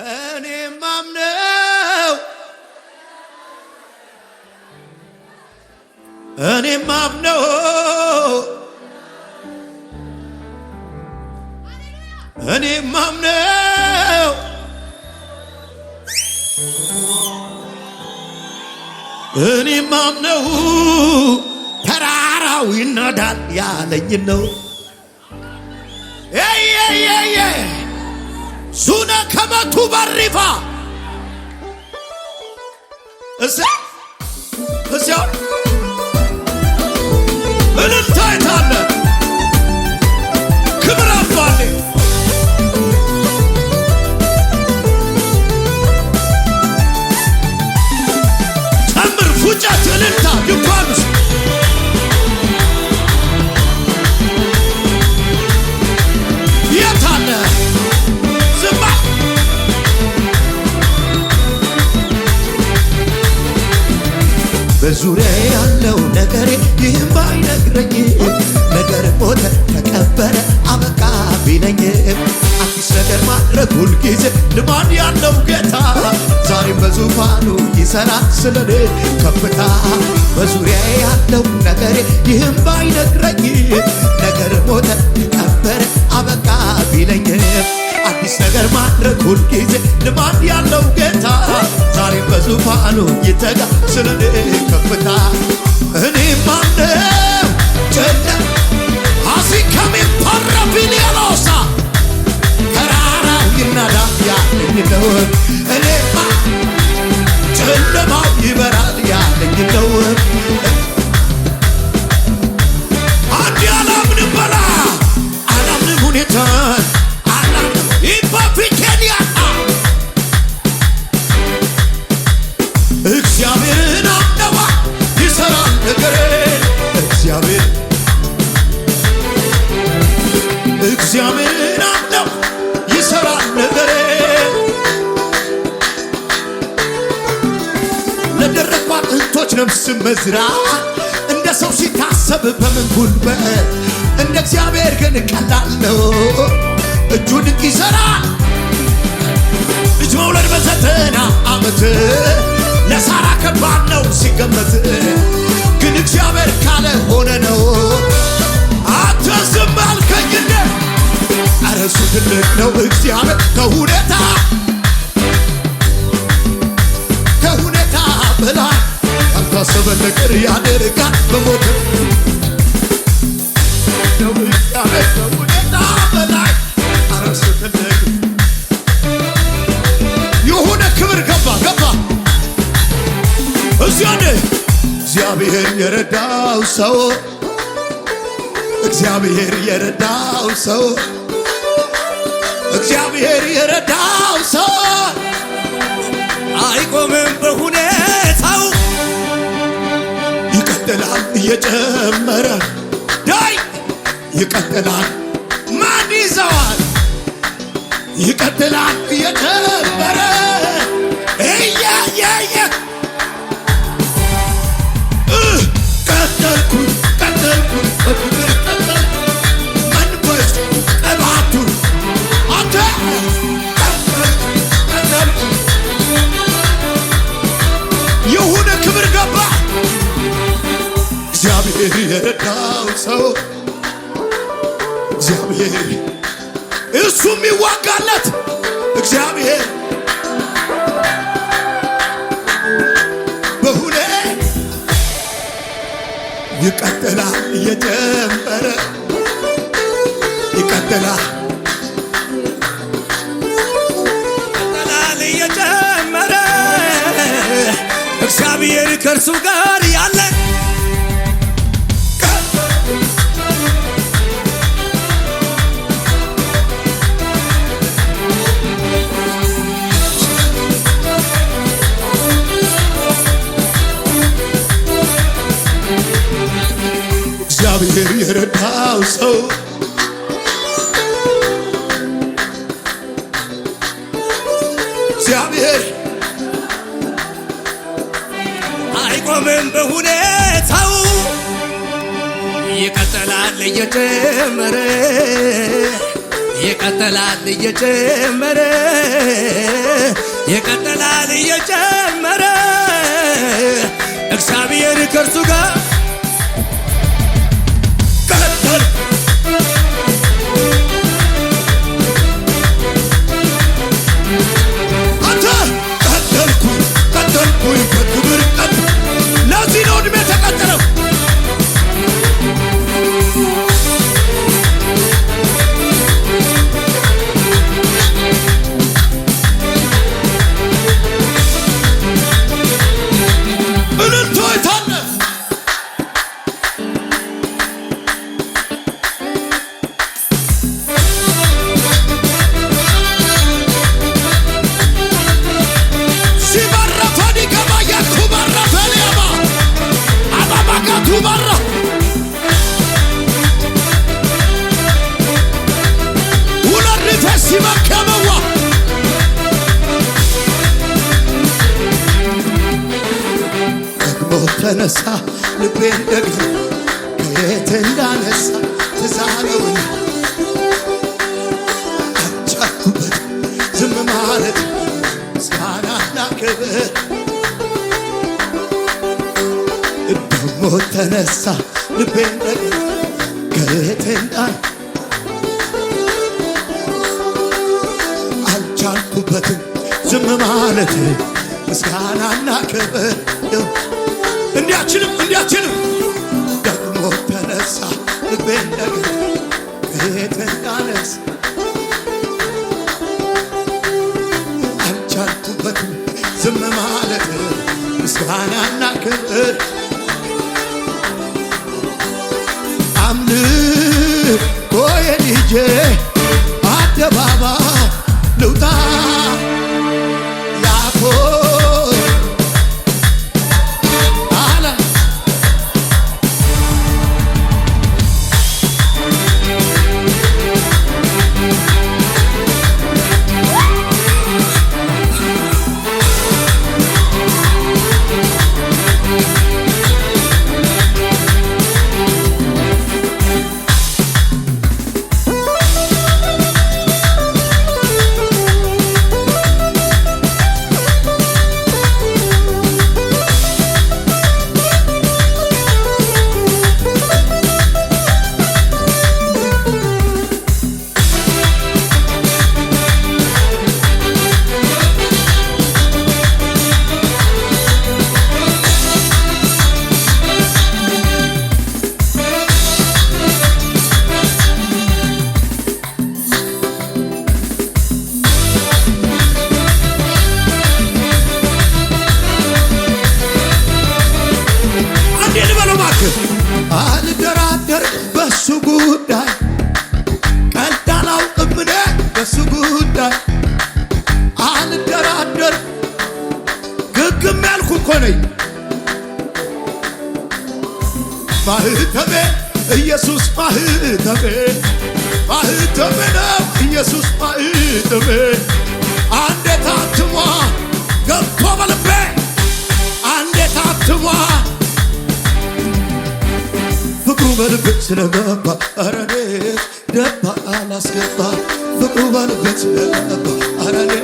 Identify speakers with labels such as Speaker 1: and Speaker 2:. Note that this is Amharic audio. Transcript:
Speaker 1: እኔ ማምነው እኔ ማምነው እኔ ማምነው እኔ ማምነው ተራራው ያለኝ ነው። ከመቱ በሪፋ
Speaker 2: ያለው ነገሬ ይህም ባይነግረኝ ነገር ሞተ ተቀበረ አበቃ ቢለኝ አዲስ ነገር ማድረግ ሁልጊዜ ልማድ ያለው ጌታ ዛሬም በዙፋኑ ይሰራል ስለኔ ከፍታ በዙሪያ ያለው ነገሬ ይህም ባይነግረኝ ነገር ሞተ ተቀበረ አበቃ ቢለኝ አዲስ ነገር ማድረግ ሁልጊዜ ልማድ ያለው ጌታ ዛሬ በዙፋኑ ይተጋ ስለኔ ከፍታ
Speaker 1: እኔ ማነው እለምናለሁ ይሰራል ነገሬ ለደረቋት እንቶች ነፍስ መዝራት እንደ ሰው ሲታሰብ በምን ጉልበት እንደ እግዚአብሔር ግን ቀላል ነው። እጁን ይሰራል ልጅ መውለድ በዘጠና ዓመት ለሳራ ከባድ ነው ሲገመት ጋር ከሁኔታ ከሁኔታ በላይ ያልታሰበ ነገር ያደርጋል በሞት ከሁኔታ በላይ አረስትልቅ የሆነ ክብር ገባ ገባ እዚያኔ እግዚአብሔር የረዳው ሰው እግዚአብሔር የረዳው ሰው እግዚአብሔር የረዳው ሰው አይቆምም በሁኔታው ይቀጥላል እየጨመረ ዳይ ይቀጥላል ማን ይዘዋል ይቀጥላል እየጨመረ እግዚአብሔር የረዳው ሰው እግዚአብሔር እሱ ይዋጋለት እግዚአብሔር በሁሌ ይቀጥላል እየጨመረ ይቀጥላል እግዚአብሔር ከእርሱ ጋር ያለ የረዳው ሰው እግዚአብሔር አይቆምም በሁኔታው ይቀጥላል እየጨመረ ይቀጥላል እየጨመረ ይቀጥላል እየጨመረ እግዚአብሔር ከእርሱ ጋር ተነሳ ልቤን ደግና ከየት እንዳነሳ ትዛለውን አቻኩበት ዝም ማለት ስራና ላክብር ተነሳ ልቤን ደግና ከየት እንዳ አልቻልኩበትም ዝም ማለት ምስጋናና ክብር እንዲያችንም እንዲያችንም ደግሞ ተነሳ ልቤ እንደገና ከየት እንዳነሳ አልቻልኩበት ዝም ማለት ምስጋናና ክብር አምልክ ነኝ ማህተሜ ኢየሱስ ማህተሜ ማህተሜ ነው ኢየሱስ ማህተሜ አንዴ ታትሟ ገብቶ በልቤ አንዴ ታትሟ ፍቅሩ በልቤ ስለገባ አረኔ ደባ አላስገባ ፍቅሩ በልቤ ስለገባ አረኔ